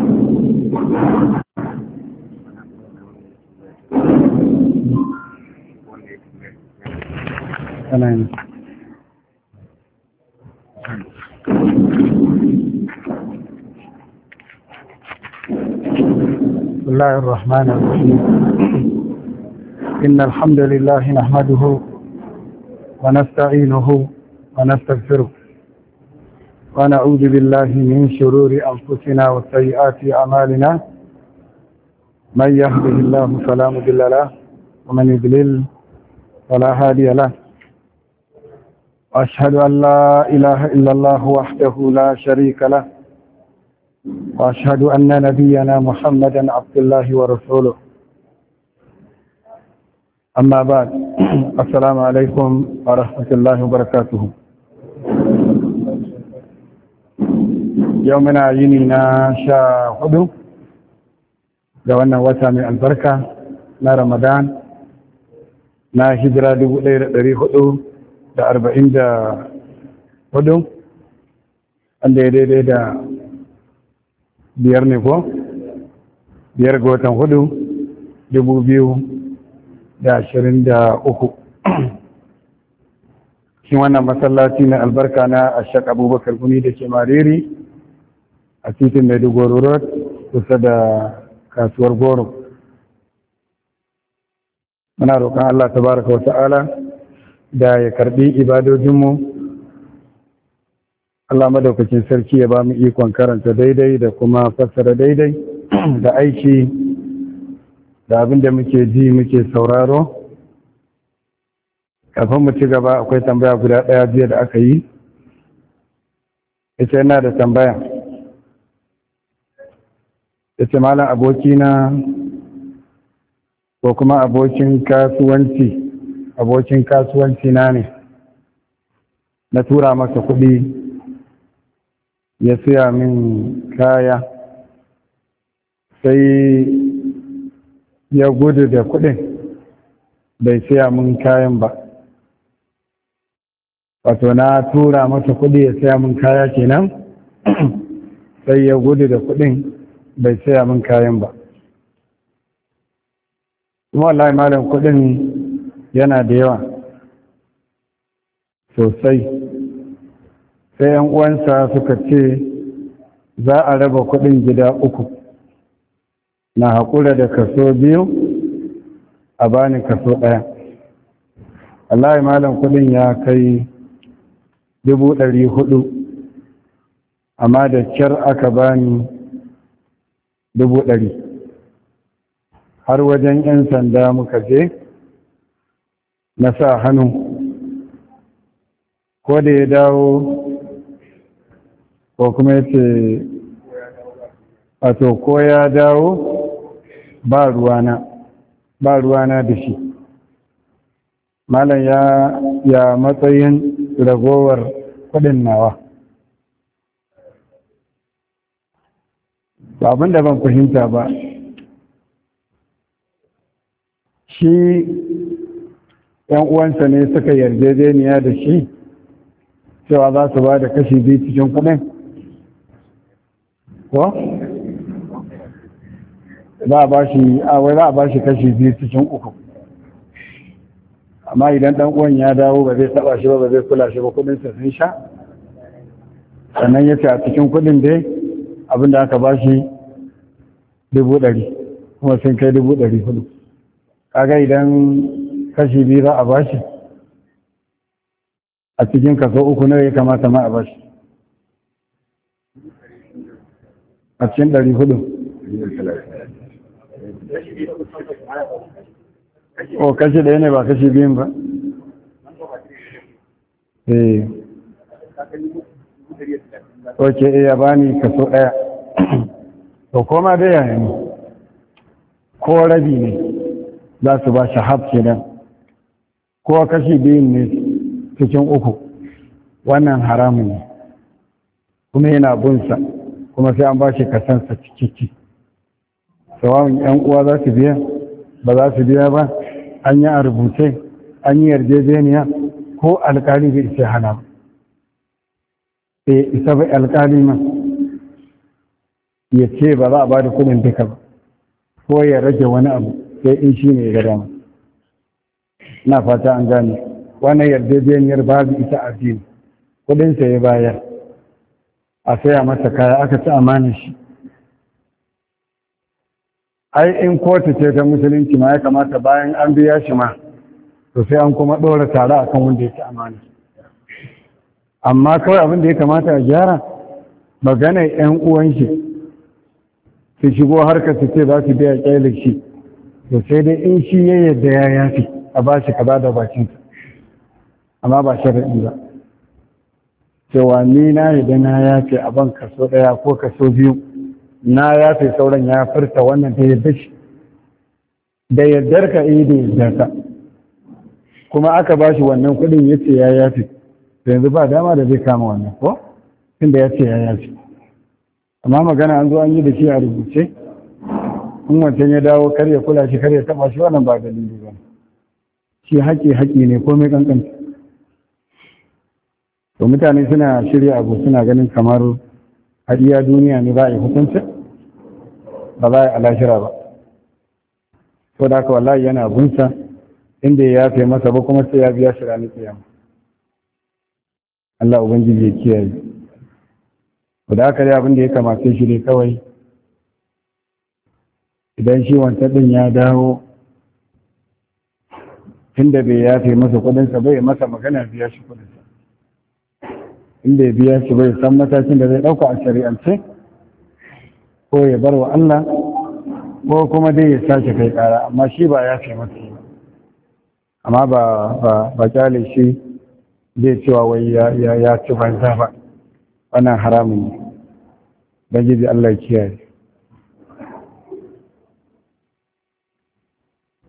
تمام بسم الله الرحمن الرحيم إن الحمد لله نحمده ونستعينه ونستغفره ونعوذ بالله من شرور أنفسنا وسيئات أعمالنا من يهده الله فلا مضل له ومن يضلل فلا هادي له وأشهد أن لا إله إلا الله وحده لا شريك له وأشهد أن نبينا محمدا عبد الله ورسوله أما بعد السلام عليكم ورحمة الله وبركاته yau muna yini na sha hudu da wannan wata mai albarka na ramadan na hijira dubu daya da dari hudu da arba'in da hudu wanda ya daidai da biyar ne ko biyar ga watan hudu dubu biyu da ashirin da uku cikin wannan masallaci na albarka na ashak abubakar guni da ke mariri a titin maiduguri road kusa da kasuwar goro muna roƙon allah ta baraka wasu ala, da ya karɓi ibadojinmu allah madaukakin sarki ya ba mu ikon karanta daidai da kuma fassara daidai da aiki da abin da muke ji muke sauraro kafin mu ci gaba akwai tambaya guda ɗaya jiya da aka yi ita yana da tambaya ya ce malam abokina ko kuma abokin kasuwanci abokin kasuwanci na ne na tura masa kuɗi ya siya min kaya sai ya gudu da kuɗin bai siya min kayan ba wato na tura masa kuɗi ya siya min kaya kenan sai ya gudu da kuɗin bai saya min kayan ba kuma wallahi malam kudin yana da yawa sosai sai yan uwansa suka ce za a raba kuɗin gida uku na haƙura da kaso biyu a bani kaso ɗaya wallahi malam kuɗin ya kai dubu ɗari huɗu. amma da kyar aka bani dubu ɗari har wajen 'yan sanda muka je na sa hannu ko da ya dawo ko kuma ya ce a to ko ya dawo ba ruwana ba da shi malam ya matsayin ragowar kudin nawa ba abin da ban fahimta ba shi ‘yan uwansa ne suka yarjejeniya da shi cewa za su ba da kashi biyu cikin kudin ko? za a ba shi awai za a ba shi kashi biyu cikin uku amma idan ɗan uwan ya dawo ba zai taba shi ba ba zai kula shi ba sa sun sha sannan ya ce a cikin kudin dai abinda aka ba shi dubu ɗari kuma sun kai dubu ɗari hudu kaga idan kashi biyu za a ba shi a cikin kaso uku nawa ya kamata ma a ba shi a cikin ɗari hudu o kashi ɗaya ne ba kashi biyun ba eh oke eh, iya bani kaso ɗaya to koma da yaya ne ko rabi ne za su ba shi haf kenan ko kashi biyun ne cikin uku wannan haramun ne kuma yana bunsa kuma sai an ba shi kasansa cikiki tsawon yan uwa za su biya ba za su biya ba an yi a rubuce an yi yarjejeniya ko alkali bai ce hana ba bai isa ba alƙali ma ya ce ba za a ba da kuɗin duka ba ko ya rage wani abu sai in shi ne ga dama na fata an gane wannan yarjejeniyar babu ita a addini kuɗinsa ya bayar a saya masa kaya aka ci amanin shi ai in kotu ce ta musulunci ma ya kamata bayan an biya shi ma to an kuma ɗora tare akan wanda ya ci amanin amma kawai abin da ya kamata a gyara magana yan uwan shi su shigo harkar su ce za su biya kyalik shi to sai dai in shi ya yadda ya yafi a ba shi kaza da bakin amma ba sharaɗi ba cewa ni na yadda na yafi a ban kaso ɗaya ko kaso biyu na yafi sauran ya furta wannan ta yadda shi da yaddar ka yi eh, da yaddar kuma aka ba shi wannan kuɗin ya ce ya yafi da yanzu ba dama da zai kama wannan ko tunda ya ce ya ce amma magana an zo an yi da shi a rubuce in wancan ya dawo kar ya kula shi kar ya taba shi wannan ba dalili ba shi haƙi haƙi ne ko mai kankanta to mutane suna shirya abu suna ganin kamar hadiya duniya ne za a yi hukunci ba za a yi alashira ba ko da haka wallahi yana bunsa inda ya yafe masa ba kuma sai ya biya shi ranar kiyama Allah ubangiji ya kiyaye ku da aka abin da ya kamace shi ne kawai idan shi wancan ya dawo inda bai yafe masa kudinsa bai masa magana biya shi kudinsa inda ya biya shi bai san matakin da zai ɗauka a shari'ance ko ya bar wa Allah ko kuma dai ya sake kai ƙara amma shi ba ya fi masa amma ba ba ba kyale shi zai cewa wai ya ci banza ba wannan haramun ne gidi Allah kiyaye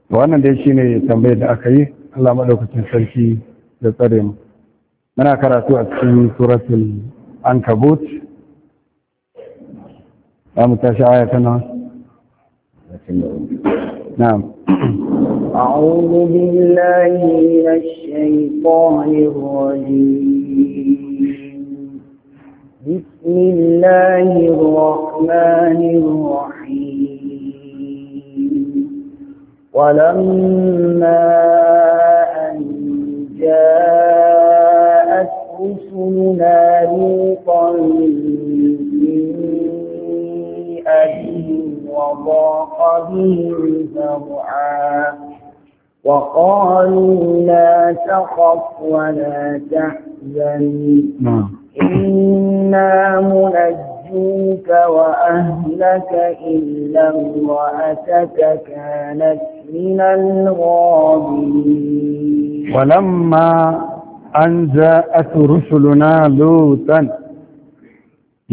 wannan dai ne tambayar da aka yi Allah maɗaukacin sarki da tsare mu muna karatu a cikin suratul ankabut za mu tashi aya ta nawa na'am أعوذ بالله من الشيطان الرجيم بسم الله الرحمن الرحيم ولما أن جاءت رسلنا لوطا بأبيهم وضاق بهم ذرعا وقالوا لا تخف ولا تحزن إنا منجوك وأهلك إلا امرأتك كانت من الغابرين ولما أن جاءت رسلنا لوطا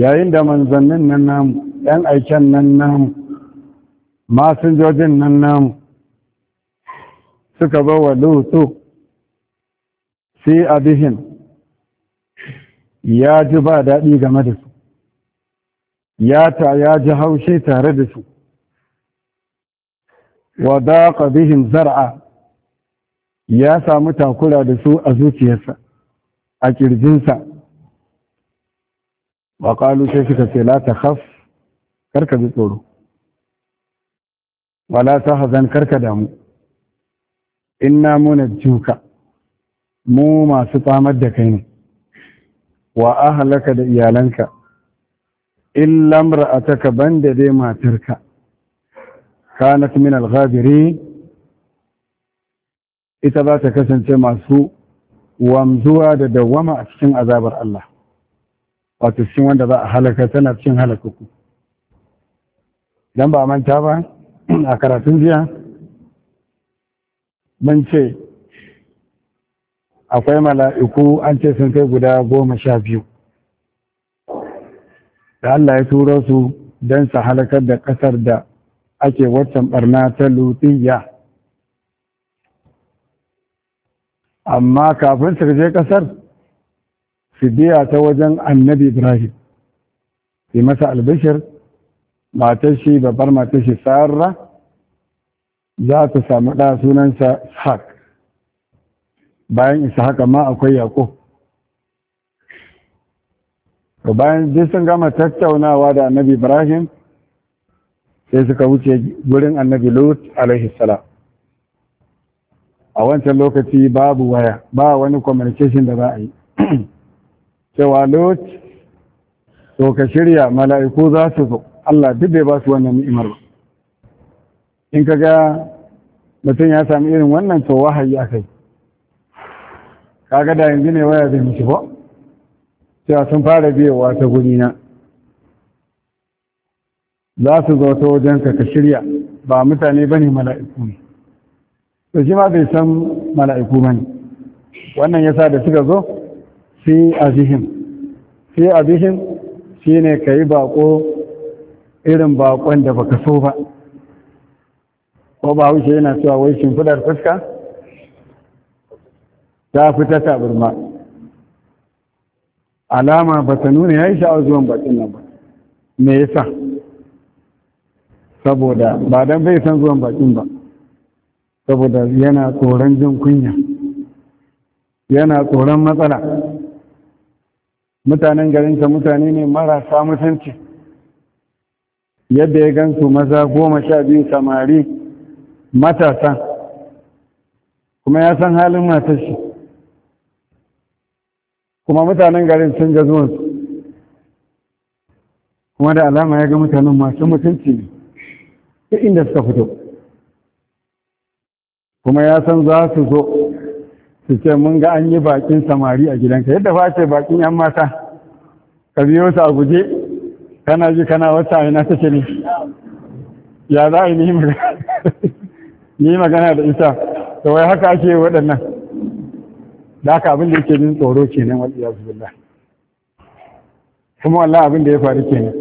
يا عند من ظننا نام أن أيشنا نام ما سنجوجنا نام suka ba wa lutu sai abihin ya ji ba daɗi game da su ya ta ya ji haushe tare da su wa daƙa bihin zar'a ya samu takura da su a zuciyarsa a ƙirjinsa ba ƙalu sai suka ce la haf karka ji tsoro wala hazan karka damu inna munajjuka mu masu tsamar da kai ne wa ahlaka da iyalanka illa imra'ataka banda dai matarka kanat min al ita za ta kasance masu wamzuwa da dawwama a cikin azabar Allah wato cikin wanda za a halaka tana cikin halakuku dan ba manta ba a karatun jiya mun ce akwai mala'iku an ce sun kai guda goma sha biyu da Allah ya turo su don su halakar da ƙasar da ake waccan barna ta lutiya amma kafin su je ƙasar su biya ta wajen annabi ibrahim su masa albishir matashi, babbar matashi, tsara. sarra za ta samu ɗa sunansa ishaq bayan haka ma akwai yaƙub to bayan duk sun gama tattaunawa da annabi ibrahim sai suka wuce gurin annabi lut alaihi salam a wancan lokaci babu waya ba wani communication da za a yi cewa lut to ka shirya mala'iku za su zo allah duk bai ba su wannan ni'imar ba in ka ga mutum ya sami irin wannan to wahayi a kaga da yanzu ne waya zai mutu ba cewa sun fara biyowa ta guri na za su zo ta wajenka ka shirya ba mutane ba ne mala'iku ne to shi ma bai san mala'iku ba ne wannan ya sa da suka zo fi azihim fi azihim shi ne ka yi baƙo irin baƙon da baka so ba ko ba wuce yana cewa wai shimfidar fuska ta fita ta taburma alama ba ta nuna ya yi sha'awar zuwan bakin nan ba me yasa saboda ba don bai san zuwan bakin ba saboda yana tsoron jin kunya yana tsoron matsala mutanen garinsa mutane ne marasa mutunci yadda ya gansu maza goma sha biyu samari Matasa kuma ya san halin matashi shi kuma mutanen garin sun ga zuwansu kuma da alama ya ga mutanen masu mutunci ne duk inda suka fito kuma ya san za su zo su ce mun ga an yi bakin samari a gidanka yadda ba ce bakin yan mata ka biyo su a guje kana ji kana wata aina ce ne ya za a yi ni yi magana da isa da wai haka ake waɗannan da haka abin da yake jin tsoro kenan wal iyaz Allah. kuma wallahi abin da ya faru kenan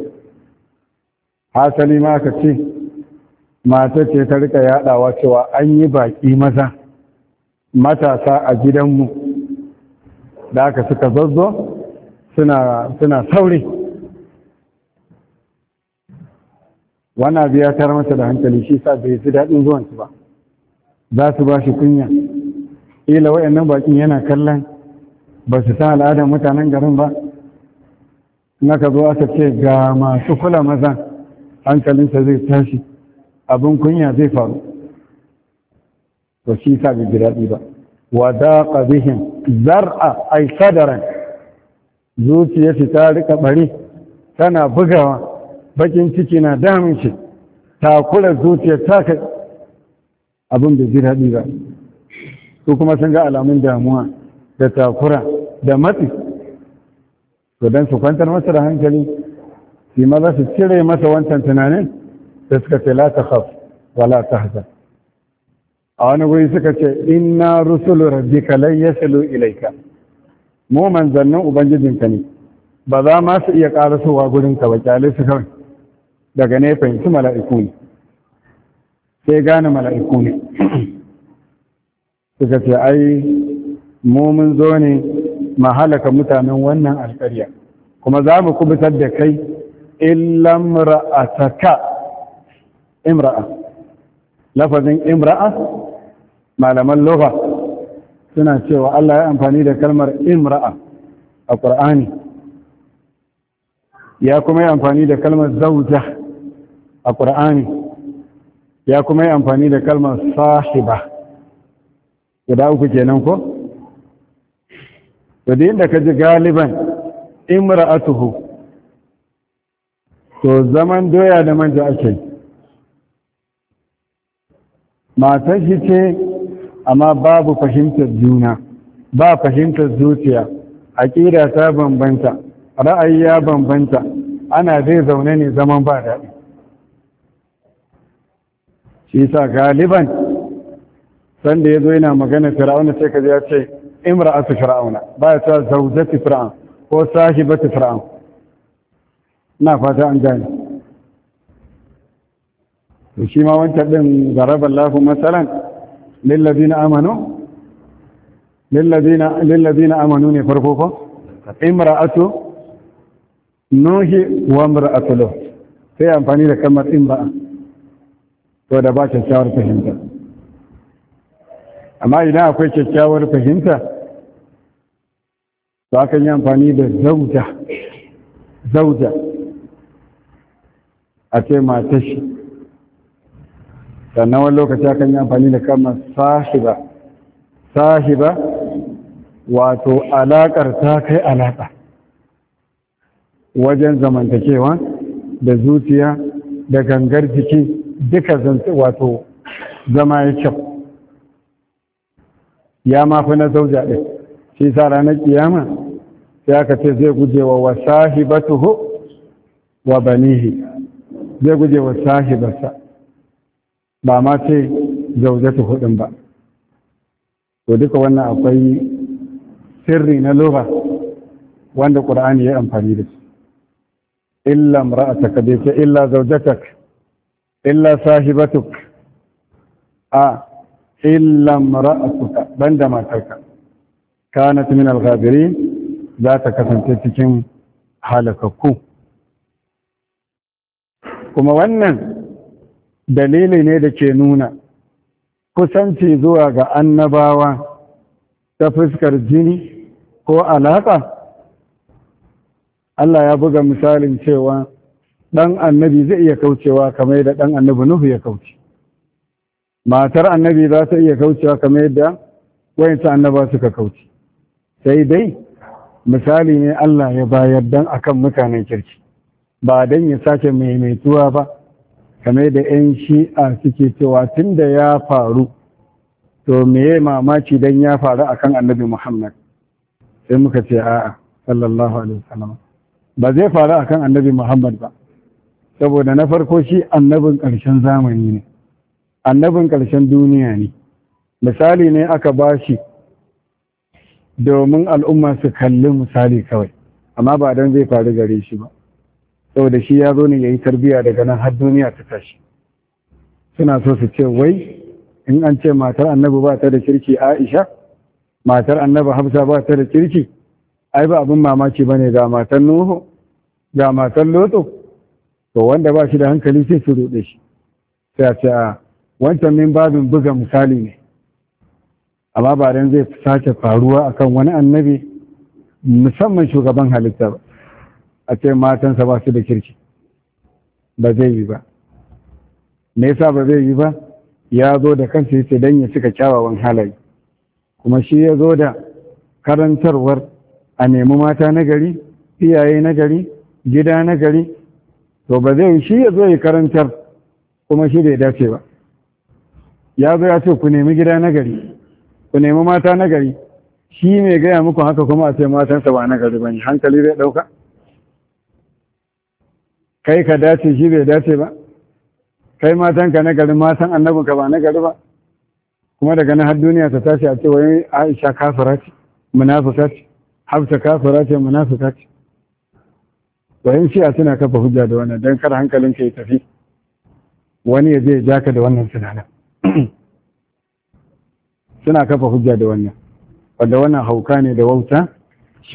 hasali ma ka ce mata ce ta rika yaɗawa cewa an yi baki maza matasa a gidanmu da aka suka zazzo suna sauri wannan biya masa da hankali shi sa bai ji daɗin zuwansu ba za su ba shi kunya ila wayannan bakin yana kallon ba su san al'adar mutanen garin ba naka zo aka ce ga masu kula maza hankalinsa zai tashi abin kunya zai faru to shi sa bi jiraɗi ba wa ƙabihin zar'a ai sadaran zuciya shi ta rika bari tana bugawa bakin ciki na damun shi Ta kula zuciya ta kai. abin da zira ba su kuma sun ga alamun damuwa da takura da matsi to don su kwantar masa da hankali shi ma za su cire masa wancan tunanin da suka ce la ta wa la ta a wani guri suka ce inna rusulu rabbika lan yasilu ilaika mu manzannin ubangijinka ne ba za ma su iya karasowa ka ba kyale su kawai daga ne fahimci mala'iku ne sai gane mala'iku ne suka ce ai mu mun zo ne ma halaka mutanen wannan alƙarya kuma za mu kubutar da kai illam ra'ataka imra'a lafazin imra'a malaman loba suna cewa Allah ya amfani da kalmar imra'a a Qur'ani ya kuma yi amfani da kalmar zauja a Qur'ani ya kuma yi amfani da kalmar sahiba guda uku kenan ko to da ka ji galiban tuhu. to zaman doya da manja ake matan shi ce amma babu fahimtar juna ba fahimtar zuciya aƙida ta bambanta ra'ayi ya bambanta ana zai zaune ne zaman ba daɗi isa galiban sanda ya zo yana magana fir'auna sai ka ya ce imra'atu fir'auna ba ya ta zaujati fir'aun ko sahibati fir'aun na fata an gane to shi ma wancan din zaraba lahu masalan lillazina amanu lillazina lillazina amanu ne farko ko imra'atu nuhi wa imra'atu sai amfani da kalmar imra'a ko da ba kyakkyawar fahimta amma idan akwai kyakkyawar fahimta Ba kan yi amfani da zauja zauja a ce shi sannan wani lokaci akan yi amfani da kama sahiba sahiba wato alaƙar ta kai alaƙa wajen zamantakewa da zuciya da gangar jiki duka zance wato zama ya kyau ya mafi na zauja ɗin shi sa ranar kiyama sai aka ce zai guje wa wa sahibatuhu wa banihi zai guje wa sahibarsa ba ma ce zaujatu hudun ba to duka wannan akwai sirri na lura wanda ƙur'ani ya amfani da shi illa mra'ataka bai ce illa zaujatak illa sahibatuk a illa mara'atuka banda matarka kanat min al-ghabirin za ta kasance cikin halakakku kuma wannan dalili ne da ke nuna kusanci zuwa ga annabawa ta fuskar jini ko alaƙa Allah ya buga misalin cewa ɗan annabi zai iya kaucewa kamar yadda ɗan annabi nuhu ya kauce matar annabi za ta iya kaucewa kama yadda wayanta annaba suka kauce sai dai misali ne Allah ya bayar dan akan mutanen kirki ba dan ya sake maimaituwa ba kama yadda 'yan shi'a suke cewa tun da ya faru to meye mamaki dan ya faru akan annabi Muhammad sai muka ce a'a sallallahu alaihi wasallam ba zai faru akan annabi Muhammad ba saboda na farko shi annabin ƙarshen zamani ne annabin ƙarshen duniya ne misali ne aka ba shi domin al'umma su kalli misali kawai amma ba don zai faru gare shi ba saboda shi ya zo ne ya yi tarbiyya daga nan har duniya ta tashi suna so su ce wai in an ce matar annabi ba ta da kirki aisha matar annabi hafsa ba ta da kirki ai ba abin mamaki ba ne ga matar nuhu ga matan lotso to wanda ba shi da hankali sai su ruɗe shi sai a ce a wancan min babin buga misali ne amma ba dan zai sake faruwa akan wani annabi musamman shugaban halitta ba a ce matansa ba su da kirki ba zai yi ba me yasa ba zai yi ba ya zo da kansa yace dan ya cika kyawawan halaye kuma shi ya zo da karantarwar a nemi mata na gari iyaye na gari gida na gari to ba zai shi ya zo ya karantar kuma shi bai dace ba ya zo ya ce ku nemi gida na gari ku nemi mata na gari shi mai gaya muku haka kuma a ce matansa ba na gari ba ne hankali zai ɗauka kai ka dace shi bai dace ba kai matan na gari matan ka ba na gari ba kuma daga nan har duniya ta tashi a ce wai aisha kafira ce munafika ce hafsa kafira ce munafika ce wayan a suna kafa hujja da wannan don kar hankalinka ya tafi wani ya je ya jaka da wannan tunanin suna kafa hujja da wannan wanda wannan hauka ne da wauta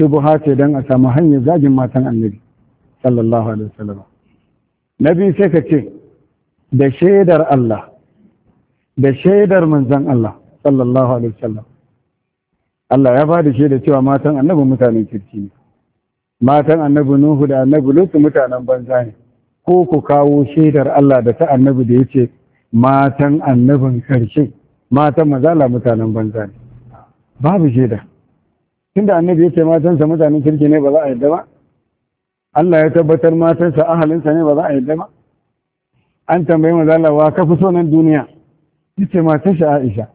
bu ce don a samu hanyar zagin matan annabi sallallahu alaihi wasallam na biyu sai ka ce da shaidar Allah da shaidar manzan Allah sallallahu alaihi wasallam Allah ya ba da shaida cewa matan annabi mutanen kirki ne matan annabi nuhu da annabi lutu mutanen banza ne ko ku kawo shaidar Allah da ta annabi da ce matan annabin karshe matan mazala mutanen banza ne babu shaida tunda annabi ce matansa mutanen kirki ne ba za a yadda ba Allah ya tabbatar matansa ahalinsa ne ba za a yadda ba an tambayi mazala wa ka fi so duniya yace matan Aisha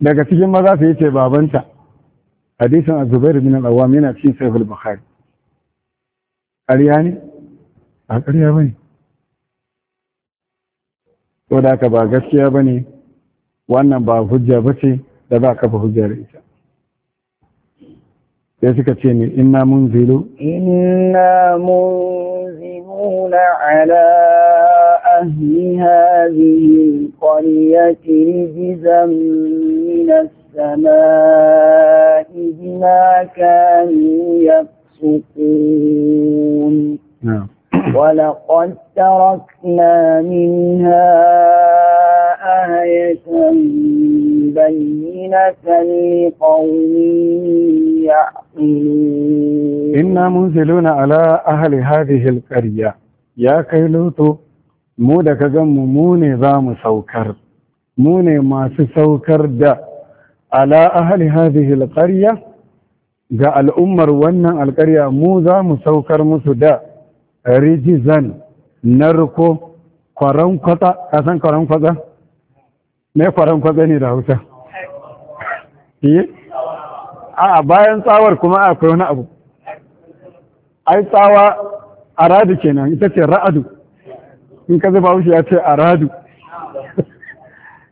daga cikin maza su ce babanta hadisin Azubairu zubair bin al-Awwam yana cikin Sahih al-Bukhari ƙarya ne a ƙarya ba ne to da haka ba gaskiya ba ne wannan ba hujja ba ce da ba kafa hujja da ita sai suka ce ne inna munzilu inna munziluna ala ahli hadhihi alqaryati rijzan min as-samaa'i bima kanu yaqulun يفسقون ولقد تركنا منها آية بينة لقوم يعقلون إنا منزلون على أهل هذه القرية يا كيلوتو mu da ka gan mu ne za mu saukar mu ne masu saukar da ala ahli hadhihi alqarya ga al'ummar wannan alƙarya mu za mu saukar musu da rijizan narko kwaron kwatsa san kwaron kwatsa? mai kwaronkwata kwatsa ne da hausa eh? a bayan tsawar kuma akwai wani abu ai tsawa aradu kenan ita ce ra'adu in ka zuba wuce ya ce aradu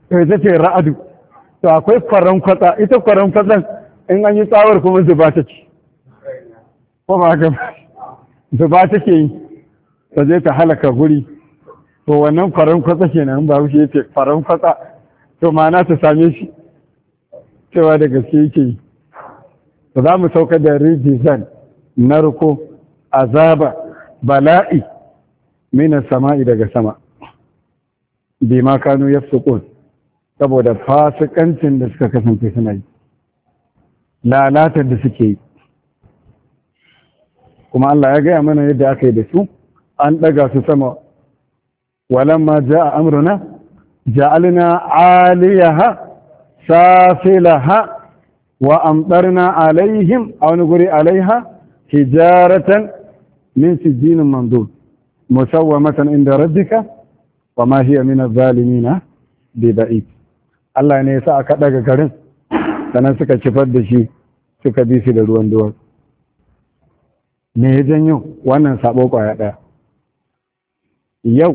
ita ce ra'adu to akwai kwaronkwata kwatsa ita kwaron kwatsan in an yi tsawar kuma zuba take ce ko ba ga zuba ta yi ta je ta halaka guri to wannan faran kwatsa ke nan ba wuce ce faran kwatsa to ma'ana ta same shi cewa da gaske yake yi to za mu sauka da ridizan narko azaba bala'i mina sama'i daga sama ma kanu ya saboda fasikancin da suka kasance suna yi lalatar da suke yi kuma Allah ya gaya mana yadda aka yi da su an ɗaga su sama ma ja a amurna ja'alina aliyaha safilaha wa amɗarna alaihim a wani guri alaiha hijaratan min sijinin mandud na inda rabbika wa ma hiya min zalimina bi ba'id Allah ne yasa aka ɗaga garin sannan suka cifar da shi suka bi su da ruwan duwar me ya janyo wannan sabo kwaya ɗaya yau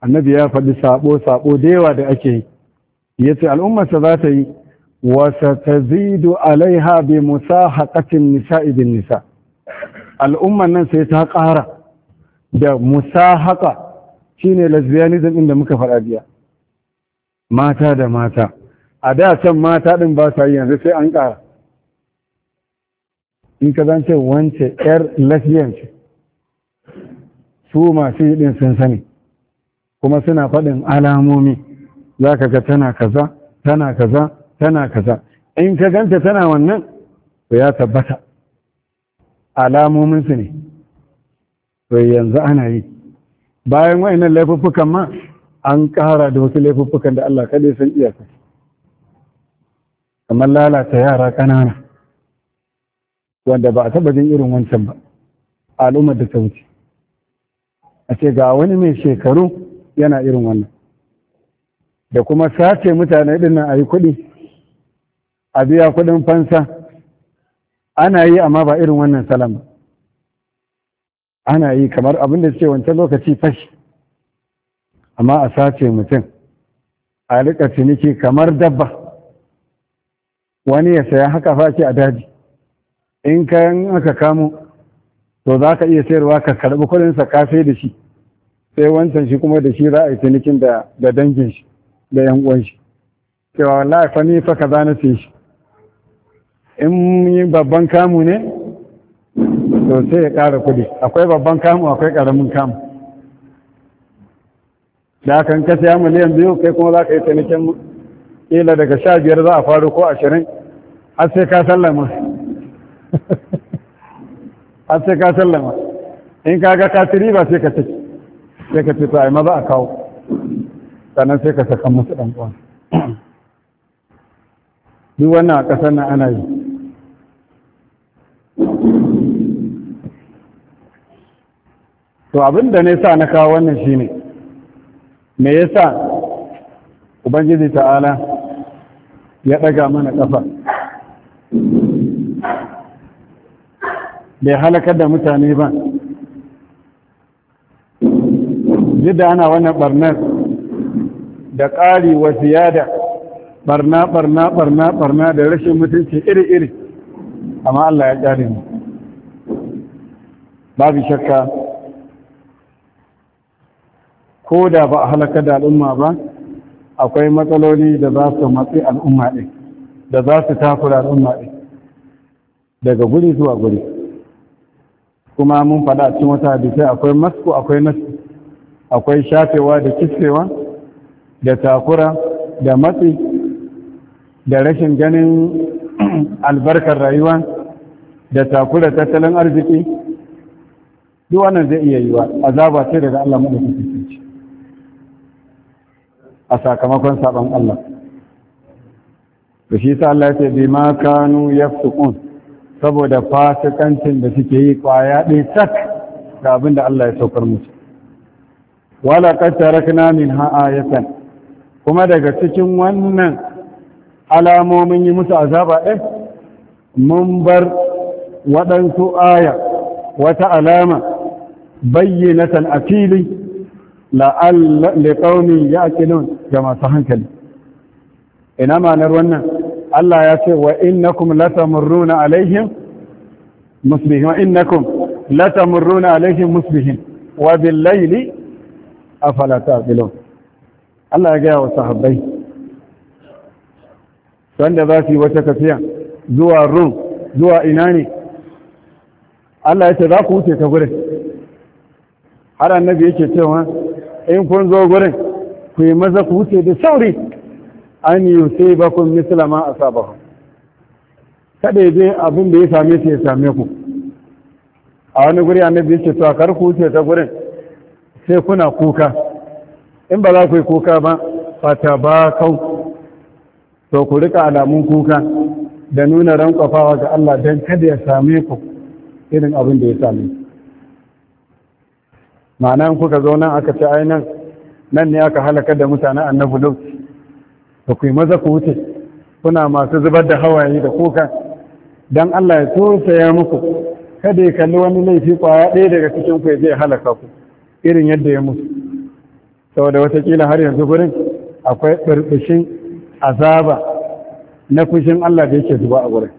annabi ya faɗi sabo sabo da yawa da ake yi ya ce al'ummarsa za ta yi wasa ta zidu alaiha bi musa haƙatin nisa ibin nisa al'ummar nan sai ta ƙara da musa haƙa shine lesbianism inda muka faɗa biya mata da mata a da can mata ɗin ba sa yi yanzu sai an ƙara in ka zan ce wance yar lesbian ce su masu yi ɗin sun sani kuma suna faɗin alamomi za ka ga tana kaza tana kaza tana kaza in ka ganta tana wannan to ya tabbata alamominsu ne to yanzu ana yi bayan wa'annan laifuffukan ma an ƙara da wasu laifuffukan da Allah kaɗai iya kai kamar lalata yara kanana wanda ba a taba jin irin wancan ba al'ummar da ta wuce a ce ga wani mai shekaru yana irin wannan da kuma sace mutane din nan a yi kuɗi a biya kuɗin fansa ana yi amma ba irin wannan salam ba ana yi kamar abin da suke wancan lokaci fashi amma a sace mutum a rika ciniki kamar dabba wani ya saya haka fashi a daji in kayan aka kamo to za ka iya sayarwa ka karɓi kudin sa kafe da shi sai wancan shi kuma da shi za a yi cinikin da dangin shi da yan uwan shi cewa wallahi fa ni fa kaza na ce shi in yi babban kamu ne to sai ya ƙara kuɗi akwai babban kamu akwai ƙaramin kamu da kan ka siya miliyan biyu kai kuma za ka yi cinikin ƙila daga sha biyar za a faru ko ashirin har sai ka sallama har sai ka sallama in ka ga katiri ba sai ka ciki sai ka ce to ai maza a kawo sannan sai ka saka musu ɗan uwan duk wannan a ƙasar nan ana yi to abin da ne sa na kawo wannan shine me yasa ubangiji ta'ala ya ɗaga mana ƙafa bai halakar da mutane ba duk da ana wannan ɓarnar da ƙari wa ziyada ɓarna ɓarna ɓarna ɓarna da rashin mutunci iri-iri amma Allah ya ƙare mu babu shakka ko da ba a halakar da al'umma ba akwai matsaloli da za su matsi al'umma ɗin da za su takura al'umma ɗin daga guri zuwa guri kuma mun faɗa a cikin wata hadisai akwai masku akwai nasu akwai shafewa da kiskewa da takura da matsi da rashin ganin albarkar rayuwa da takura tattalin arziki duk wannan zai iya yiwa azaba ce daga Allah madaukakin a sakamakon saban Allah da shi sa Allah ce bi ma kanu yafsukun saboda fasikancin da suke yi kwaya ɗin sak ga abin da Allah ya saukar musu wala qad ha'a ya kuma daga cikin wannan alamomin yi musu azaba ɗin mun bar waɗansu aya wata alama bayyanatan a fili la'alla liqaumin ya'qilun ga masu hankali ina ma'anar wannan Allah ya ce wa innakum latamurruna alaihim musbihin wa innakum latamurruna alaihim musbihin wa bil layli afala ta'qilun Allah ya gaya wa sahabbai wanda za su yi wata tafiya zuwa rum zuwa ina ne Allah ya ce za ku wuce ta gurin har annabi yake cewa in kun zo gurin ku yi maza ku wuce da sauri an yi sai bakun misila ma a sabahun kada zai abin da ya same su ya same ku a wani guri annabi ce to kar ku wuce ta gurin sai kuna kuka in ba za ku yi kuka ba ta ba kau to ku rika alamun kuka da nuna rankwafawa ga Allah don kada ya same ku irin abin da ya same ku ma'ana in kuka zo nan aka ce ai nan ne aka halaka da mutane annabi lut ba ku maza ku wuce kuna masu zubar da hawaye da kuka dan Allah ya ya muku kada ya kalli wani laifi kwaya ɗaya daga cikin ku ya je halaka ku irin yadda ya mutu saboda watakila har yanzu gurin akwai ɓarɓashin azaba na fushin Allah da yake zuba a gurin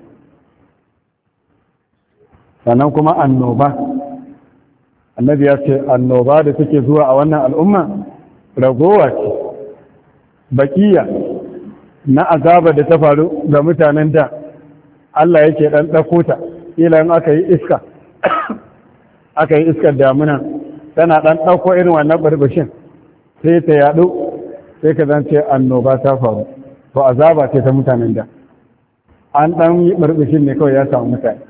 sannan kuma annoba annabi ya ce annoba da take zuwa a wannan al'umma ragowa ce baƙiya na azaba da ta faru ga mutanen da Allah yake ɗan ɗako ta ila in aka yi iska aka yi iskar damuna tana ɗan ɗauko irin wannan barbashin sai ta yaɗu sai ka zance annoba ta faru to azaba ce ta mutanen da an ɗan yi barbashin ne kawai ya samu mutane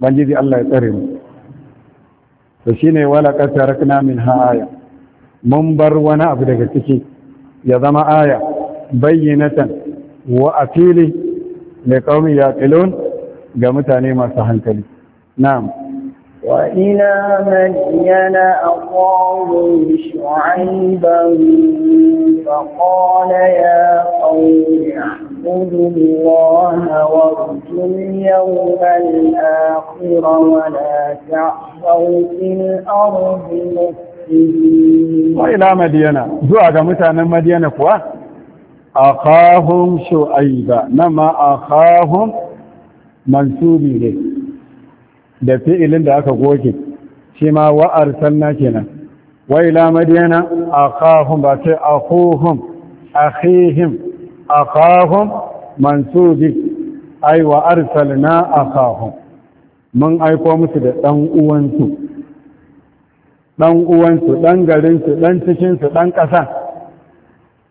banjiji Allah ya tsare mu to shine wala qad min minha aya mun bar wani abu daga ciki ya zama aya bayyinatan wa afili li qaumi yaqilun ga mutane masu hankali na'am yana aqawu أخاهم fa qala ya qawmi اعبدوا الله وارجوا اليوم الاخر ولا تعثوا في الارض مفسدين والى مدينة زوى متانا مدينة كوى أخاهم شعيبا نما أخاهم منسوب له da fi'ilin da aka goge shi ma wa'ar na kenan wa ila madiyana akhahum ba sai akhuhum akhihim akahum bi ai wa arsalna akahum mun aiko musu da ɗan uwansu ɗan uwansu ɗan garin ɗan dan cikin su dan kasa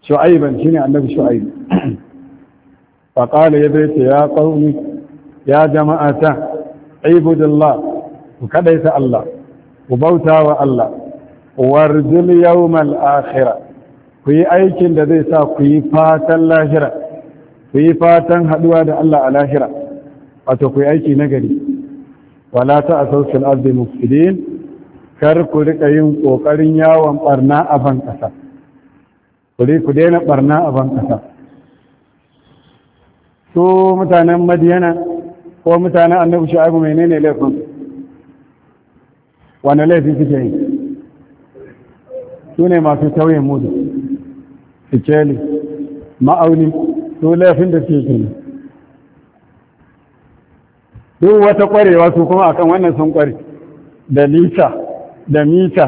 shu'aiban shine annabi shu'aib fa ya baita ya qaumi ya jama'ata ibudullah ku kadaita Allah ku bauta wa Allah warjul yawmal akhirah ku yi aikin da zai sa ku yi fatan lahira ku yi fatan haɗuwa da Allah a lahira wato ku yi aiki na gari wala ta a fil arzikin mufsidin kar ku rika yin kokarin yawon barna a ban kasa ku ku daina barna a ban kasa su mutanen madiyana ko mutanen annabi shu'aibu menene laifin wani laifin suke yi su ne masu tauyen mudu ikeli ma'auni su laifin da suke ne duk wata kwarewa su kuma akan wannan sun kware da lita da mita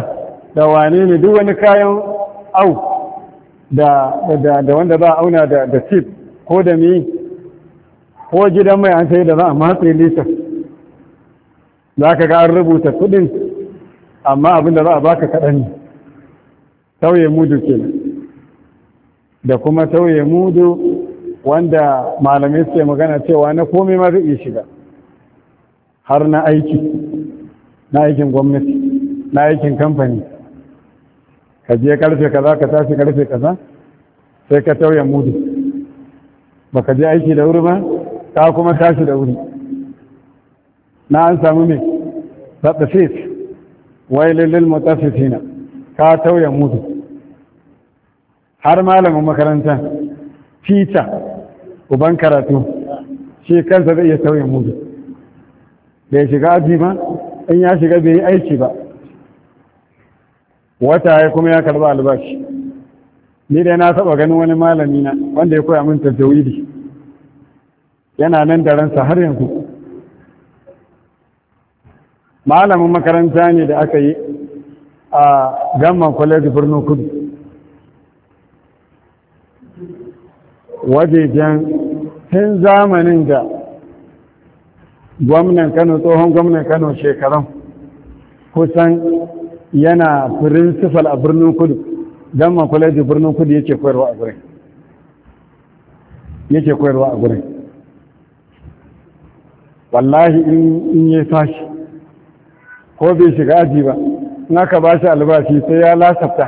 da wane ne duk wani kayan au da wanda ba a auna da tip ko da mi ko gidan mai an sai da za a matse lita za ka ga an rubuta kudin amma abin da za a baka kaɗan ne sauye mudu kenan da kuma tauye mudu wanda malamai suke magana cewa na komai ma zai shiga har na aiki na aikin gwamnati na aikin kamfani ka je karfe kaza ka tashi karfe kaza sai ka tauye mudu baka je aiki da wuri ba ka kuma tashi da wuri na an samu mai tattafif wailin lil mutaffifina ka tauye mudu har malamin makarantar tita uban karatu shi kansa zai iya sauyin mudu bai shiga aji ba in ya shiga bai yi aiki ba wata ya kuma ya karba albashi ni dai na saba ganin wani malami na wanda ya koya min tajawidi yana nan da ransa har yanzu malamin makaranta ne da aka yi a gamman kwalejin birnin kudu wajejen tun zamanin da gwamnan kano tsohon gwamnan kano shekaran kusan yana firinsifal a birnin kudu don da birnin kudu yake koyarwa a gurin yake koyarwa a gurin wallahi in yi tashi ko bai shiga aji ba na ka ba shi albashi sai ya lasafta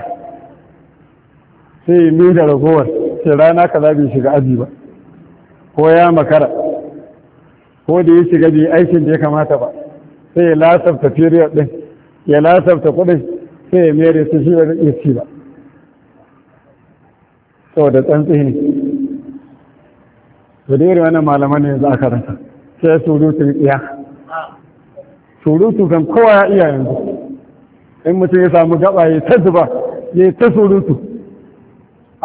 sai mai da ragowar ce rana kaza bai shiga aji ba ko ya makara ko da ya shiga bai aikin da ya kamata ba sai ya lasafta period din ya lasafta kudin sai ya mere su shi wani isi ci ba sau da tsantsi ne da irin wani malaman ne za a rasa sai surutun iya surutu kan kowa ya iya yanzu in mutum ya samu gaba ya ta zuba ya ta surutu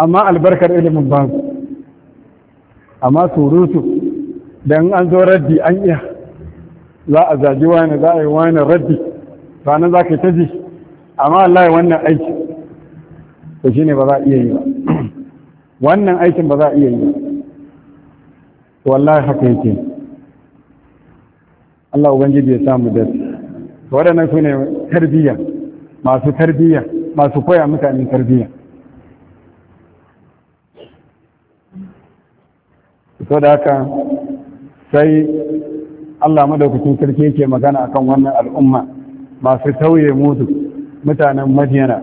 amma albarkar ilimin babu amma surutu don an zo raddi an iya za a zaji wani za a yi wani raddi ranar za ka yi ta ji amma Allah ya wannan aiki shi ne ba za a iya yi ba wannan aikin ba za a iya yi ba wallahi haka yake Allah ubangiji ya samu da waɗannan su ne tarbiyya masu tarbiyya masu koya mutanen tarbiyya So da haka sai Allah madaukakin sarki yake magana akan wannan al'umma masu tauye mutu mutanen madiyana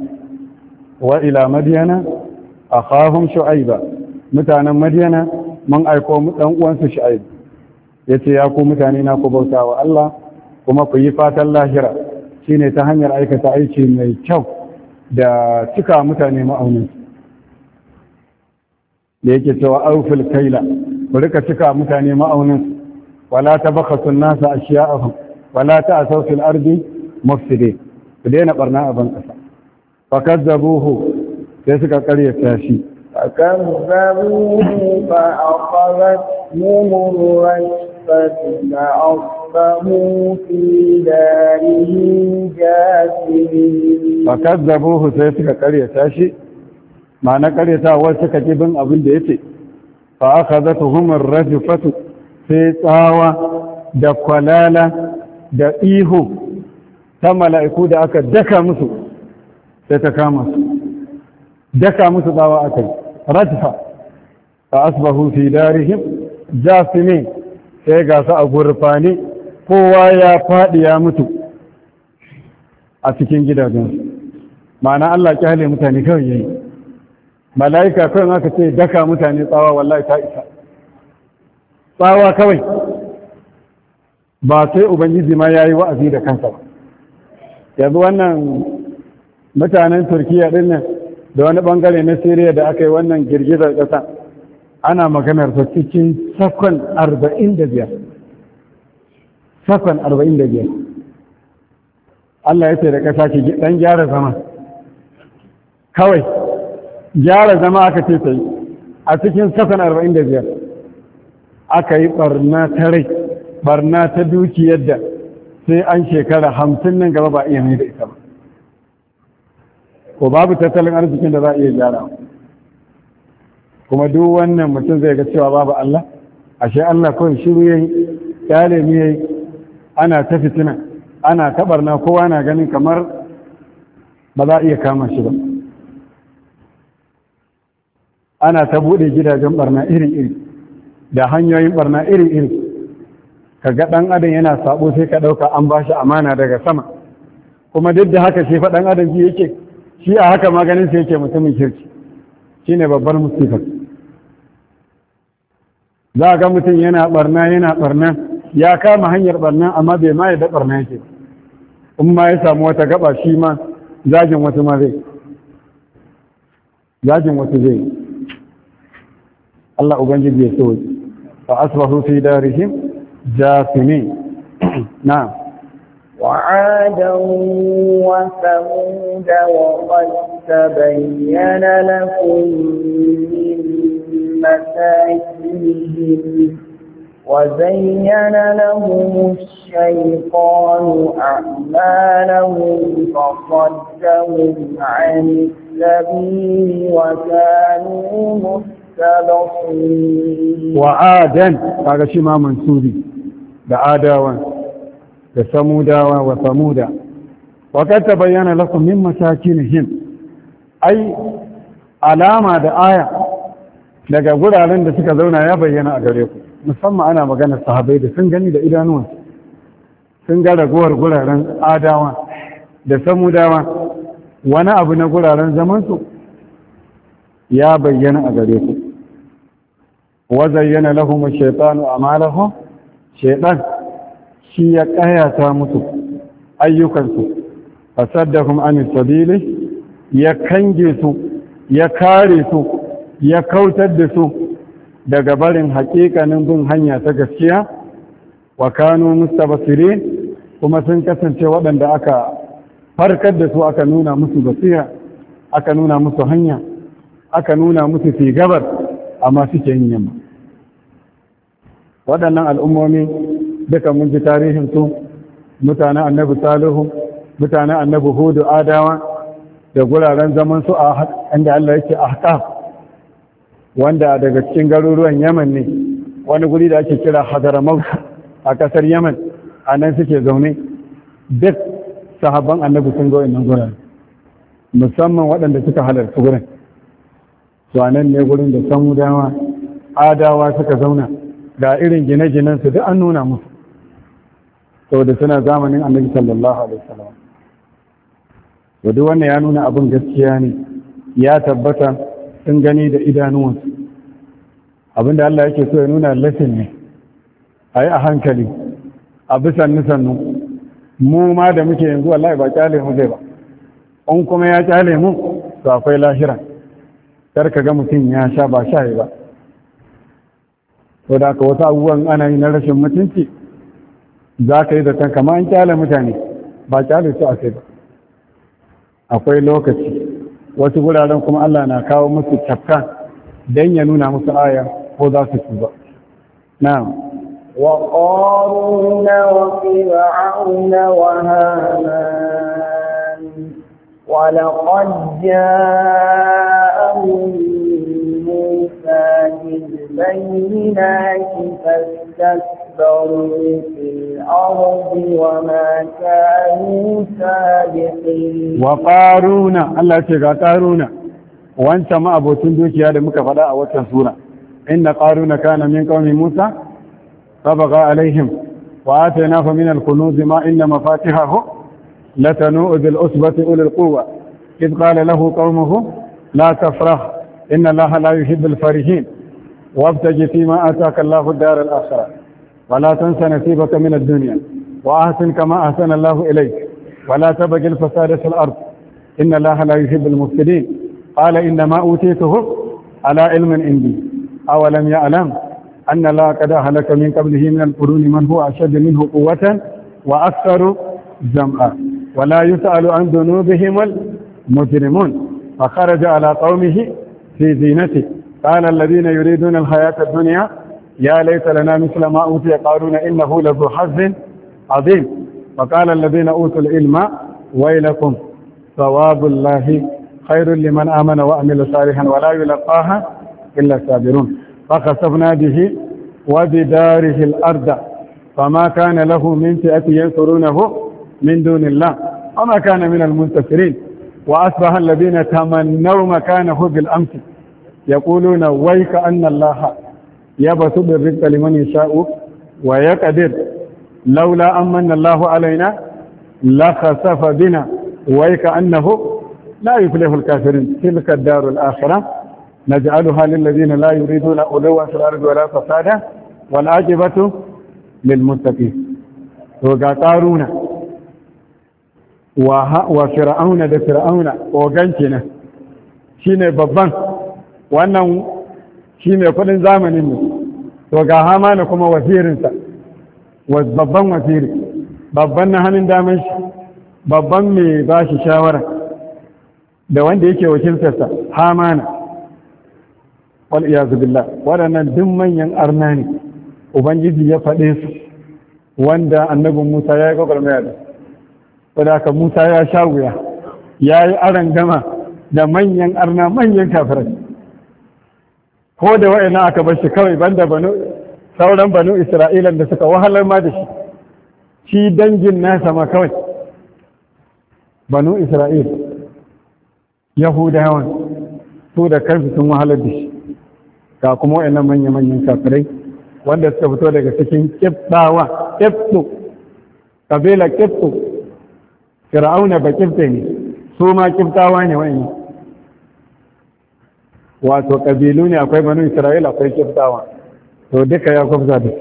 wa ila madiyana akhahum shu'aiba mutanen madiyana mun aiko mu dan uwansu shu'aib yace ya ku mutane na ku bautawa Allah kuma ku yi fatan lahira shine ta hanyar aikata aiki mai kyau da cika mutane ma'aunin da yake cewa aufil kaila rika cika mutane ma'aunin wala ta baka sunna sa a shiya abin wala ta a saukin arbi mafside su daina barna abin ƙasa fakar da buhu sai suka karya tashi fakar da buhu ba a farar mummurai fasi da asamu da dariyi jasiri fakar da buhu sai suka karya tashi ma na karya ta wasu kaji bin abin da ya ce fa akhadhatuhum ar-rajfatu sai tsawa da kwalala da ihu ta mala'iku da aka daka musu sai ta kama su daka musu tsawa aka yi rajfa fa asbahu fi darihim jasimin sai ga su a gurfani kowa ya faɗi ya mutu a cikin gidajensu ma'ana Allah kyale mutane kawai yayi mala'ika kawai aka ce daka mutane tsawa wallahi ta isa tsawa kawai ba sai ubangiji ma ya yi wa'azi da kansa ba yanzu wannan mutanen turkiya din nan da wani bangare na siriya da aka yi wannan girgizar ƙasa ana maganar ta cikin sakon 45 sakon 45 Allah ya ce da ƙasa ki ɗan gyara zama kawai gyara zama aka ce ta yi a cikin kasan 45 aka yi barna ta rai barna ta dukiyar da sai an shekara hamsin nan gaba ba iya mai da ita ba ko babu tattalin arzikin da za a iya gyara kuma duk wannan mutum zai ga cewa babu Allah ashe Allah kawai shiru yayi dalimi yayi ana ta fitina ana ta barna kowa na ganin kamar ba za a iya kama shi ba ana ta buɗe gidajen barna iri-iri da hanyoyin barna iri-iri ka ga ɗan adam yana sabo sai ka ɗauka an ba amana daga sama kuma duk da haka shi fa dan adam shi yake shi a haka maganin sai yake mutumin kirki shine babbar musifa za ga mutum yana barna yana barna ya kama hanyar barna amma bai ma yadda barna yake in ma ya samu wata gaba shi ma zagin wata ma zai zagin wata zai Allah ubangiji ya so fa asbahu fi darihim jasimin na'am وعادا وثمود وقد تبين لكم من مساكنهم وزين لهم الشيطان أعمالهم فصدهم عن السبيل وكانوا مسلمين wa adan kaga shi ma mansuri da adawan da samudawa wa samuda wa kad tabayyana lakum min masakinihim ai alama da aya daga guraren da suka zauna ya bayyana a gare ku musamman ana magana sahabai da sun gani da idanuwan sun ga raguwar guraren adawa da samudawa wani abu na guraren zamansu ya bayyana a gare ku wazayyana lahum ash-shaytanu a'malahum shaytan shi ya kayata musu ayyukansu fasaddahum an sabili ya kange su ya kare su ya kautar da su daga barin haƙiƙanin bin hanya ta gaskiya wa kanu mustabasirin kuma sun kasance waɗanda aka farkar da su aka nuna musu basira aka nuna musu hanya aka nuna musu fi gabar amma suke yin yamma waɗannan al'ummomi duka mun ji tarihin su mutanen annabi salihu mutanen annabi hudu adawa da guraren zaman su a inda Allah yake ahqaf wanda daga cikin garuruwan Yaman ne wani guri da ake kira Hadramaut a ƙasar Yaman a nan suke zaune duk sahabban annabi sun zo inan guraren musamman waɗanda suka halarci gurin to a nan ne gurin da dama adawa suka zauna ga irin gine-ginen su duk an nuna musu saboda suna zamanin annabi sallallahu alaihi wasallam to duk wannan ya nuna abin gaskiya ne ya tabbata sun gani da idanuwan. abinda Allah yake so ya nuna lafin ne a yi a hankali a bisa nisannu mu ma da muke yanzu wallahi ba kyale mu zai ba in kuma ya kyale mu to akwai lahira kar ka ga mutum ya sha ba sha ba ko da wasu abubuwan ana yi na rashin mutunci za ka yi da kanka kama an kyale mutane ba kyale su a kai ba akwai lokaci wasu wuraren kuma Allah na kawo musu cakka don ya nuna musu aya ko za su tuba na'am وقارون وفرعون وهامان ولقد جاءهم بينات فاستكبروا في الأرض وما كانوا سابقين وقارون الله يتقى قارون وانت ما أبو تندوك يا لمك فلا أوتى سورة إن قارون كان من قوم موسى فبغى عليهم وآتيناه من الكنوز ما إن مفاتحه لتنوء بالاصبه أولي القوة إذ قال له قومه لا تفرح إن الله لا يحب الفرحين وابتج فيما آتاك الله الدار الآخرة ولا تنس نصيبك من الدنيا وأحسن كما أحسن الله إليك ولا تبغ الفساد في الأرض إن الله لا يحب المفسدين قال إنما أوتيته على علم عندي أولم يعلم أن الله قد أهلك من قبله من القرون من هو أشد منه قوة وأكثر جمعا ولا يسأل عن ذنوبهم المجرمون فخرج على قومه في زينته قال الذين يريدون الحياة الدنيا يا ليت لنا مثل ما أوتي قارون إنه لذو حظ عظيم وقال الذين أوتوا العلم ويلكم ثواب الله خير لمن آمن وعمل صالحا ولا يلقاها إلا الصابرون فخسفنا به وبداره الأرض فما كان له من فئة ينصرونه من دون الله وما كان من المنتصرين وأصبح الذين تمنوا مكانه بالأمس يقولون ويك أن الله يبسط الرزق لمن يشاء ويقدر لولا أمن الله علينا لخسف بنا ويك أنه لا يفلح الكافرين تلك الدار الآخرة نجعلها للذين لا يريدون أولوة في الأرض ولا فسادة والعجبة للمتقين وقاتارونا وفرعون دفرعون وقنشنا شين ببنك wannan shi mai kudin zamanin ne to ga hamana kuma wasirinsa, babban wasiri babban na hannun damar shi babban mai ba shi shawara da wanda yake wakiltarsa hamana wal'iyazu billah waɗannan duk manyan arna ne ubangiji ya faɗe su wanda annabin musa ya yi gwagwarmaya da wadaka musa ya sha wuya ya yi aron gama da manyan arna manyan kafirai ko da wa'ina aka bar shi kawai banda banu sauran banu isra'ila da suka wahalar ma da shi shi dangin nasa ma kawai banu isra'il yawan su da kansu sun wahalar da shi ga kuma wa'annan manya-manyan kafirai wanda suka fito daga cikin kiftawa kiftu kabila kiftu fir'auna ba kifte ne su ma kiftawa ne wa'annan wato ƙabilu ne akwai banu isra'ila akwai kiftawa to duka ya kwafza da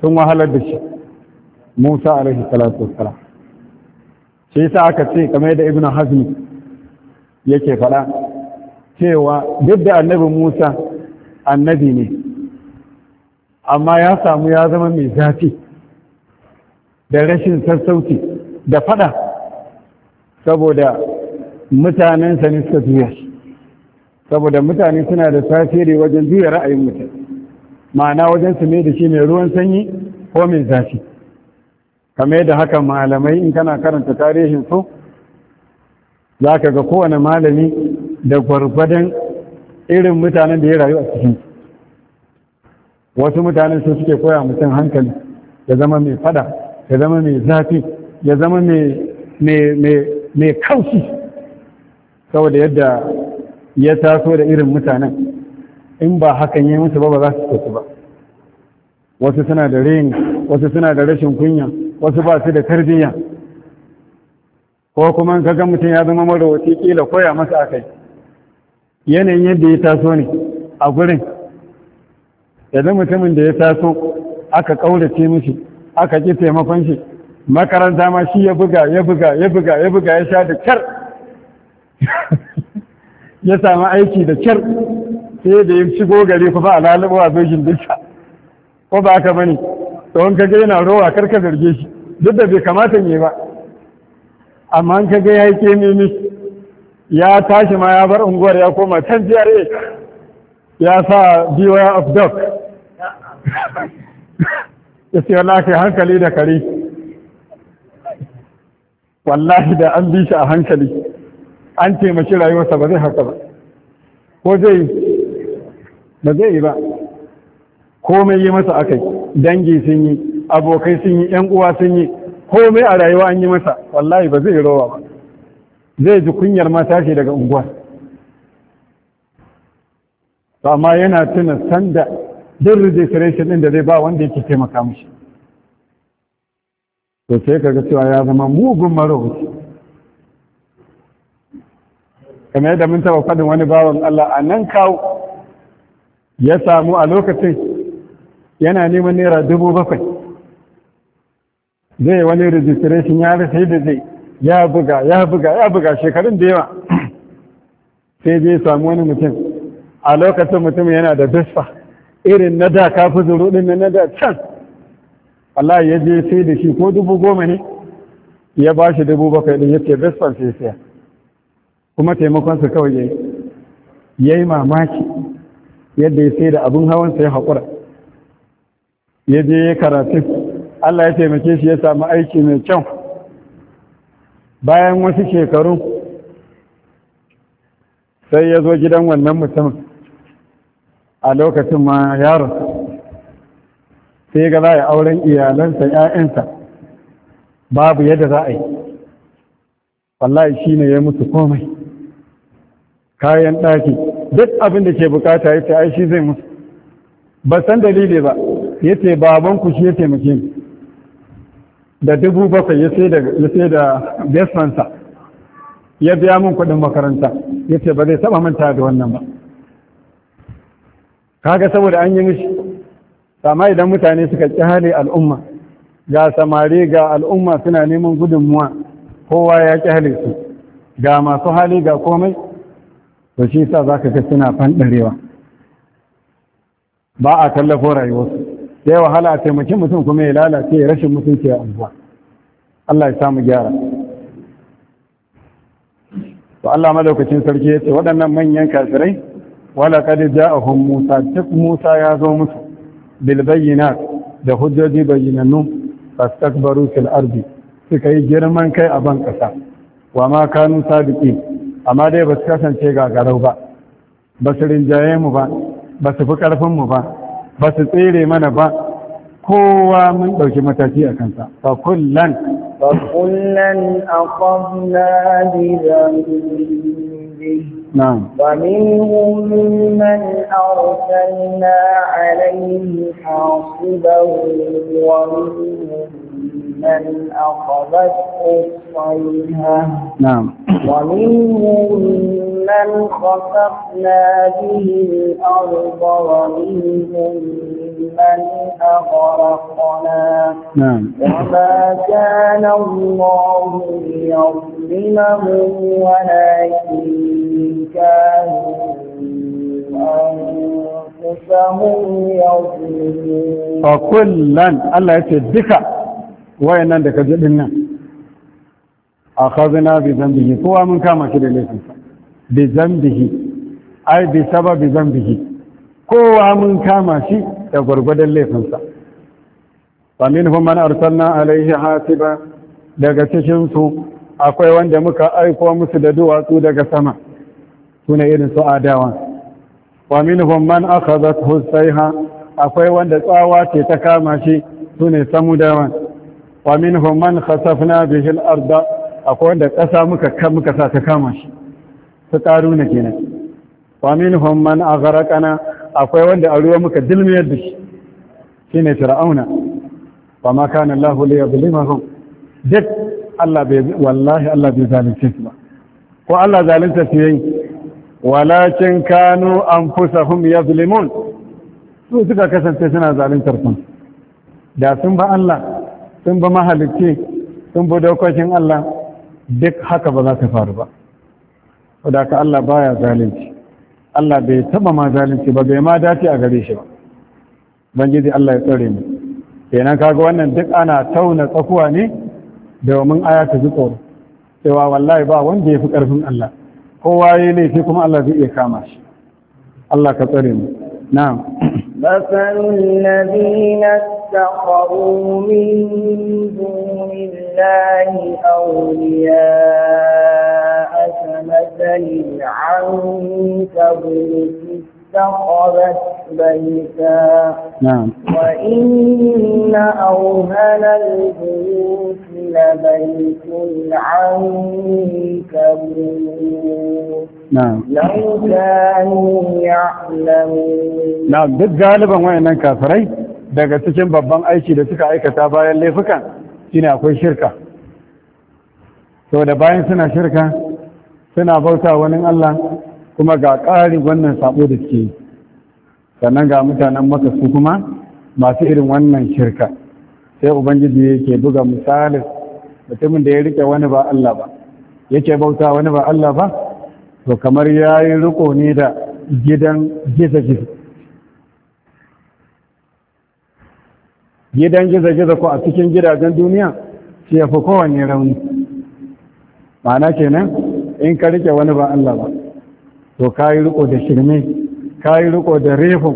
sun wahalar da shi musa alaihi salatu wassalam shi yasa aka ce kamar da ibnu hazmi yake faɗa cewa duk da annabi musa annabi ne amma ya samu ya zama mai zafi da rashin sassauci da faɗa saboda mutanensa ne suka juya shi saboda mutane suna da tasiri wajen juya ra'ayin mutum ma'ana wajen su mai da shi mai ruwan sanyi ko mai zafi kamar da haka malamai in kana karanta tarihin su za ka ga kowane malami da gwargwadon irin mutanen da ya rayu a cikin wasu mutanen su suke koya mutum hankali ya zama mai fada ya zama mai zafi ya zama mai kaushi saboda yadda ya taso da irin mutanen in ba hakan yi musu ba ba za su tafi ba wasu suna da rain wasu suna da rashin kunya wasu ba su da tarbiyya ko kuma ka ga mutum ya zama marowaci kila koya masa kai yanayin yadda ya taso ne a gurin yanzu mutumin da ya taso aka ƙaurace mishi aka ƙi taimakon shi makaranta ma shi ya buga ya buga ya buga ya buga ya sha da kyar ya sami aiki da kyar sai da ya shigo gari kuma a lalubu a zogin duka ko ba ka mani? to in kaga yana rowa kar ka zarge shi duk da bai kamata ne ba amma in kaga ya yi kemimi ya tashi ma ya bar unguwar ya koma can GRA ya sa beware of dog ya ce kai hankali da kare wallahi da an bi shi a hankali an taimaki rayuwarsa ba zai haka ba ko zai ba zai yi ba komai yi masa akai dangi sun yi abokai sun yi yan uwa sun yi komai a rayuwa an yi masa wallahi ba zai rowa ba zai ji kunyar mata tashi daga unguwa to amma yana tuna sanda duk registration din da zai ba wanda yake taimaka mishi to sai kaga cewa ya zama mugun marowaci kamar yadda mun taba faɗin wani bawan Allah a nan kawo ya samu a lokacin yana neman naira dubu bakwai zai wani registration ya rasa yadda zai ya buga ya buga ya buga shekarun da yawa sai zai samu wani mutum a lokacin mutum yana da vespa irin na da kafi zuru din na da can Allah ya je sai da shi ko dubu goma ne ya ba shi dubu bakwai din ya ce sai siya kuma taimakonsa kawai ya yi mamaki yadda ya sai da abin hawansa ya haƙura ya je ya karatu Allah ya taimake shi ya sami aiki mai kyau bayan wasu shekaru sai ya zo gidan wannan mutumin a lokacin ma yaron sai ga za a yi auren iyalansa 'ya'yansa babu yadda za a yi wallahi shi ne ya mutu komai kayan ɗaki duk abin da ke bukata ya ce ai zai musu ba san dalili ba ya ce baban ku shi ya taimake ni da dubu bakwai ya sai da besmansa ya biya min kuɗin makaranta ya ce ba zai taɓa manta da wannan ba kaga saboda an yi mishi sama idan mutane suka hali al'umma ga samari ga al'umma suna neman gudunmuwa kowa ya hali su ga masu hali ga komai to shi sa za ka ga suna fanɗarewa ba a tallafo rayuwarsu sai wahala a taimakin mutum kuma ya lalace ya rashin mutunci a unguwa Allah ya samu gyara to Allah madaukakin sarki ya ce waɗannan manyan kafirai wala kad ja'ahum Musa duk Musa ya zo musu bil bayyinat da hujjoji bayyinannu fastakbaru fil ardi suka yi girman kai a ban kasa wa ma kanu sabiqin amma dai ba su kasance gagarau ba ba su rinjaye mu ba ba su fi ƙarfinmu ba ba su tsere mana ba kowa mun ɗauki mataki a kansa ba kullan ba kullan a kwamna dhanbihi نعم ومنهم من أرسلنا عليه حاصبا ومنهم ممن أخذته الصيحة نعم ومنهم من خسفنا به الأرض ومنهم من أغرقنا نعم وما كان الله ليظلمهم ولكن كانوا أنفسهم يظلمون فكلا الله يتدكى nan da ka ji din nan kazina bi zambihi kowa mun kama shi da laifinsa bi zambihi ai bi sababi zambihi kowa mun kama shi da gwargwadon laifinsa fa minhum man arsalna alaihi hasiba daga cikin su akwai wanda muka aiko musu da duwatsu daga sama sune irin su adawa wa minhum man akhadhathu sayha akwai wanda tsawa ce ta kama shi sune samudawa wa minhum man khasafna bihi al-ard akwai wanda kasa muka muka sa ta kama shi su ne kenan wa minhum man aghraqana akwai wanda a ruwa muka dilmiyar da shi shine fir'auna wa ma kana Allah li yadhlimahum duk Allah bai wallahi Allah bai zalunce su ba ko Allah zalunta su yayi walakin kanu anfusahum yazlimun su suka kasance suna zaluntar kansu da sun ba Allah sun ba mahalicci sun bi dokokin Allah duk haka ba za ta faru ba Wadaka Allah baya zalunci Allah bai taba ma zalunci ba bai ma dace a gare shi ba banjiji Allah ya tsare mu kenan kaga wannan duk ana tauna tsakuwa ne domin aya ta ji tsoro cewa wallahi ba wanda ya fi ƙarfin Allah kowa ne sai kuma Allah zai iya kama shi Allah ka tsare mu na'am مثل الذين اتخذوا من دون الله أولياء كمثل العنكبوت اتخذت بيتا نعم وإن أوهل البيوت لبيت العنكبوت نعم لو كانوا يعلمون نعم بالغالب وين كافرين daga cikin babban aiki da suka aikata bayan laifukan shine akwai shirka da bayan suna shirka suna bauta wani Allah kuma ga ƙari wannan sabo da suke yi sannan ga mutanen maka kuma masu irin wannan shirka sai ubangiji yake buga misali mutumin da ya rike wani ba Allah ba yake bauta wani ba Allah ba to kamar ya yi riko ne da gidan gisa gisa gidan gizo-gizo ko a cikin gidajen duniya shi ya fi kowane rauni ma'ana kenan in ka rike wani ba Allah ba to ka yi riko da shirme ka yi riko da refin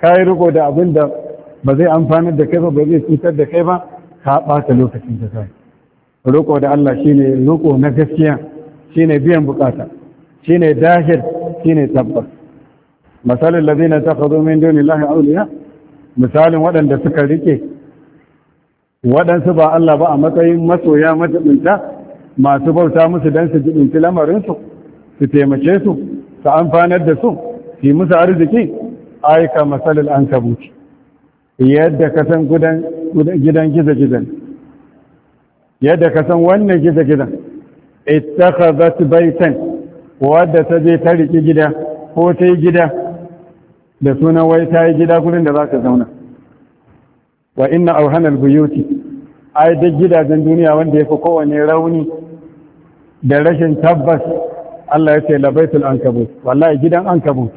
ka yi riko da abin da ba zai amfani da kai ba ba zai cutar da kai ba ka ɓata lokacin da zai riko da Allah shine riko na gaskiya shine biyan bukata shine dahir shine tabbas masalin lazina ta fazo min duni lahi auliya misalin waɗanda suka rike waɗansu ba Allah ba a matsayin masoya majibinta masu bauta musu don su jiɗinci lamarinsu su taimake su su amfanar da su su musu arziki aika masalil an kabuci yadda ka san gidan gizagizan yadda ka san wannan ita za su bai baitan wadda ta je ta riƙi gida ko ta yi gida da sunan wai ta yi gida gudun da za ka zauna wa inna auhanar buyoti ai duk gidajen duniya wanda ya fi kowane rauni da rashin tabbas Allah ya ce labaitul ankabut wallahi gidan ankabut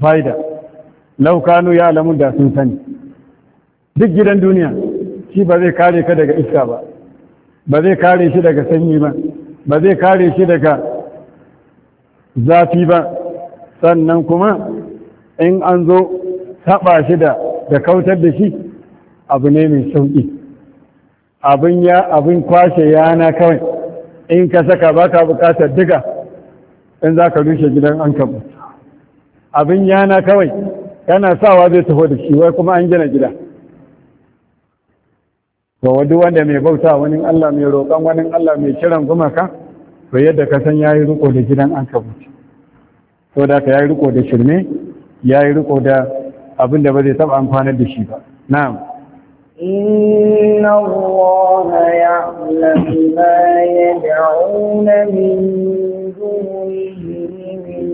faida laukanu ya alamun da sun sani duk gidan duniya shi ba zai kare ka daga iska ba ba zai kare shi daga sanyi ba ba zai kare shi daga zafi ba sannan kuma in an zo taɓa shi da kautar da shi abu ne mai sauƙi abin ya abin kwashe yana kawai in ka saka ba ka bukatar diga in za ka rushe gidan an kabu abin yana kawai kana sawa zai taho da shi wai kuma an gina gida ba wadu wanda mai bauta wani Allah mai roƙon wani Allah mai kiran gumaka to yadda ka san yayi riko da gidan an kabu to da ka yayi riko da shirme yayi riko da abin da ba zai taba amfanar da shi ba na'am إن الله يعلم ما يدعون من دونه من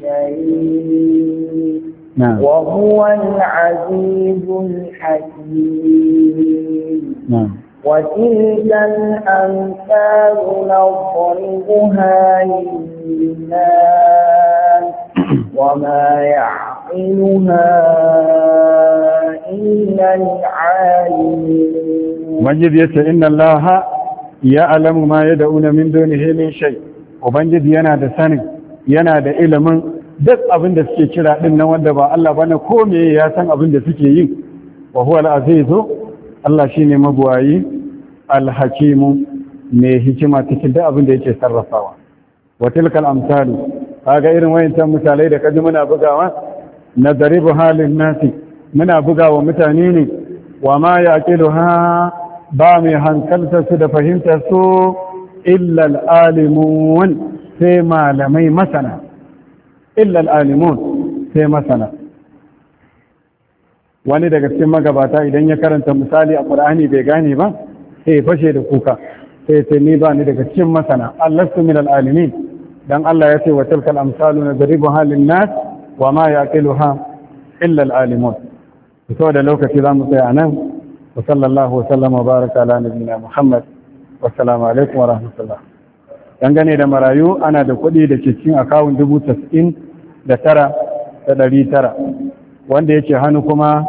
شيء نعم. وهو العزيز الحكيم نعم. وتلك الأمثال نضربها للناس وما يعقلها Ubangiji ya ce, Inna Allah ya alamu ma ya da'una min doni helin shai, Ubangiji yana da sanin, yana da ilimin duk abin da suke kira ɗin na wanda ba Allah ba na kome ya san abin da suke yi, wa huwa al'azizu, Allah shi ne mabuwayi, alhakimu mai hikima cikin duk abin da yake sarrafawa. Wa tilkal amsalu, kaga irin wayancan misalai da kaji muna bugawa, na zaribu halin nasi, muna bugawa mutane ne wa ma ha ba mai hankalta su da fahimtar su illa alimun sai malamai masana illa alimun sai masana wani daga cikin magabata idan ya karanta misali a Qur'ani bai gane ba sai fashe da kuka sai sai ni ba ni daga cikin masana su min al'alimin dan Allah ya ce wa tilkal amsalu nadribu halin nas wa ma yaqiluha illa al'alimun fito da lokaci za mu tsaya nan wa sallallahu wasallam wa baraka ala nabiyina muhammad wassalamu alaikum wa rahmatullah dangane da marayu ana da kuɗi da cikin akawun dubu tas'in da tara da ɗari tara wanda yake hannu kuma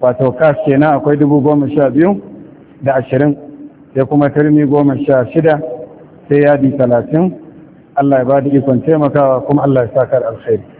wato kas kenan akwai dubu goma sha biyu da ashirin sai kuma turmi goma sha shida sai yadi talatin Allah ya ba da ikon taimakawa kuma Allah ya sakar alkhairi